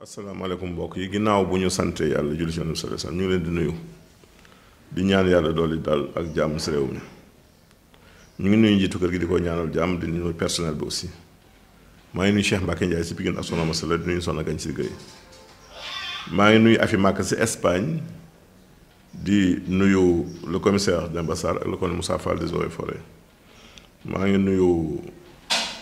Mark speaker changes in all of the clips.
Speaker 1: asalaamaaleykum mbokk yi ginnaaw bu ñu sante yàlla julli ci Nabi sallallahu ñu ngi leen di nuyu di ñaan yàlla dool daal ak jàmm si réew mi ñu ngi nuyu njiitu kër gi di ko ñaanal jàmm di nuyu personnel bi aussi maa ngi nuyu Cheikh Mbacke Ndiaye si Pikine ak Soxna Masala di nuyu Soxna Gañ si Gëy maa ngi nuyu Afi Màkk si Espagne di nuyu le commissaire d'ambassade ak le colonel Moussa Fall des et forêts maa ngi nuyu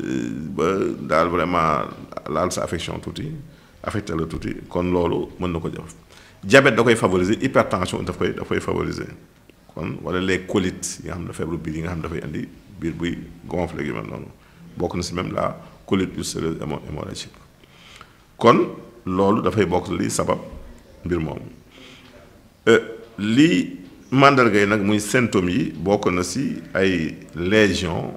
Speaker 1: Euh, ba daal vraiment laal sa affection touti affecté le touti kon lolu mën na ko def diabète da koy favoriser hypertension da koy da koy favoriser kon wala les colites yi nga xam ne feebaru bi nga xam da fay andi bir buy gonflé yu mel non bokk na si même la colite ulcéreuse hémorragique kon da fay bokk li sabab mom euh li mandal gay nak muy symptôme yi bokk na si ay légion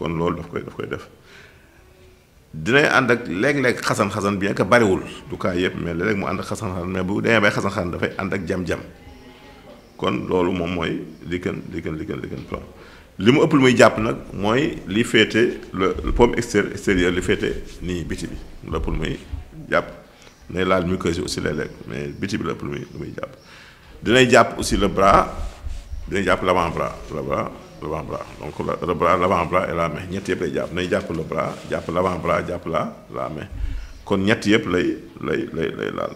Speaker 1: kon loolu daf koy daf koy def dinay ànd ak léeg-léeg xasan-xasan bien que bariwul du cas yëpp mais léeg mu ànd ak xasan-xasan mais bu demee bay xasan-xasan dafay ànd ak jam-jam kon loolu moom mooy li gën li gën li gën li mu ëpp lu muy jàpp nag mooy li féete le paume extérieur extérieur féete nii bi la muy jàpp nay laal muqueuse yi aussi léeg-léeg mais biti bi la ëpp lu muy lu jàpp dinay jàpp aussi le bras dinay jàpp l'avant-bras le bras l'avant-bras donc le bras lavant et la main ñett yëpp lay jàpp nay jàpp le bras jàpp l'avant-bras jàpp la la main kon ñett yëpp lay lay lay laal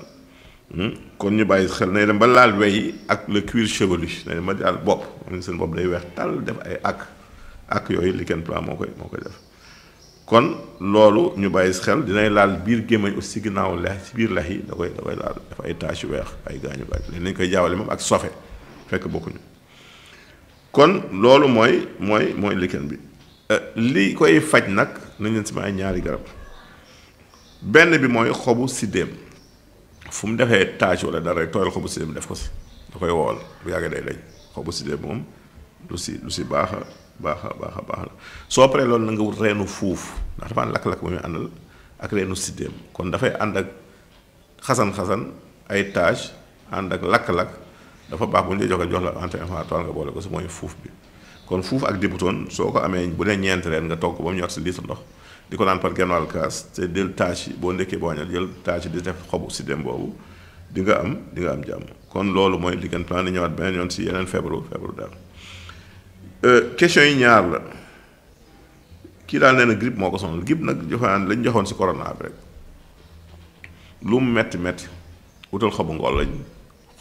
Speaker 1: hmm? kon ñu bàyyi xel nay dem ba laal wey ak le cuir chevelu nay dem ba daal bopp seen bopp day weex tal def ay ak ak yooyu lichen plat moo koy moo koy def kon loolu ñu bàyyi xel dinañ laal biir gémmañ aussi ginnaaw lex ci biir lex yi da koy da koy laal def ay taches yu weex ay gaañu gaañu léegi nañ koy jaawale moom ak sofe fekk bokkuñu kon loolu mooy mooy mooy likken bi li koy faj nag nañ leen sama may ñaari garab benn bi mooy xobu siddeem fu mu defee taaj wala dara toyal xobu siddeem def ko si da koy wool bu yàggee day lañ xobu siddeem moom lu si lu si baax a baax a baax a baax la soo paree loolu na nga wut reenu fuuf ndax dafa lak-lak bu muy àndal ak reenu siddeem kon dafay ànd ak xasan-xasan ay taaj ànd ak lak-lak dafa baax bu ñu lay joxe jox la entrée informatoire nga boole ko su mooy fuuf bi kon fuuf ak dibutoon soo ko amee bu ne ñeent reen nga togg ba mu ñor si sa ndox di ko naan par genn wàll kaas te jël tâche yi boo ndekkee boo añal jël di def xobu si dem boobu di nga am di nga am jàmm kon loolu mooy Liggéeyaan Plan di ñëwaat beneen yoon si yeneen feebaru feebaru daal euh, question yi ñaar la kii daal nee na grippe moo ko sonal grippe nag joxe naan lañ joxoon si corona bi metti metti wutal xobu ngool lañ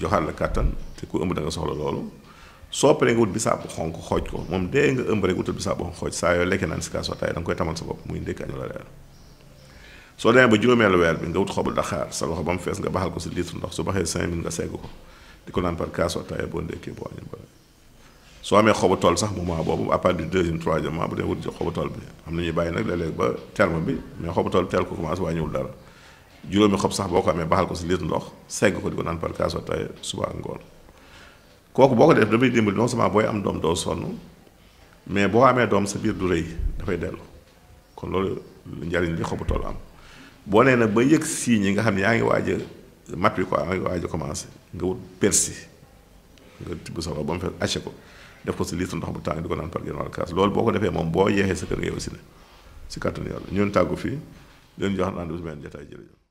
Speaker 1: joxaat la kàttan te ku ëmb da nga soxla loolu soo paree nga wut bisaab xonk xooj ko moom dee nga ëmb rek wutal bisaab xonk xooj saa yooyu lekkee naan si kaas waataay da nga koy tamal sa bopp muy ndékk añu la reer soo demee ba juróomeelu weer bi nga wut xobu daxaar sa loxo ba mu fees nga baxal ko si litre ndox su baxee cinq mille nga segg ko di ko naan par kaas waataay boo ndékkee boo añu ba soo amee xobu tool sax moment boobu à partir du deuxième tool bi am na ñuy bàyyi nag léeg-léeg bi mais xobu tool bi ko commencé waa ñëwul dara juróomi xob sax boo ko amee baxal ko si litre ndox segg ko di ko naan par kaasoo tey suba ngoon kooku boo ko def damay dimbali non seulement am doom doo sonn mais boo amee doom sa biir du rëy dafay dellu kon loolu njariñ li xobu toll am boo nee nag ba yëg siiñ yi nga xam ne yaa ngi waaj a mat bi nga wut persi nga tibb sa kaas loolu boo ko defee moom boo yeexee sa kër nga yow si ne si kàttanu yàlla ñun tàggu fii leen jox naan bi su beneen jataay jërëjëf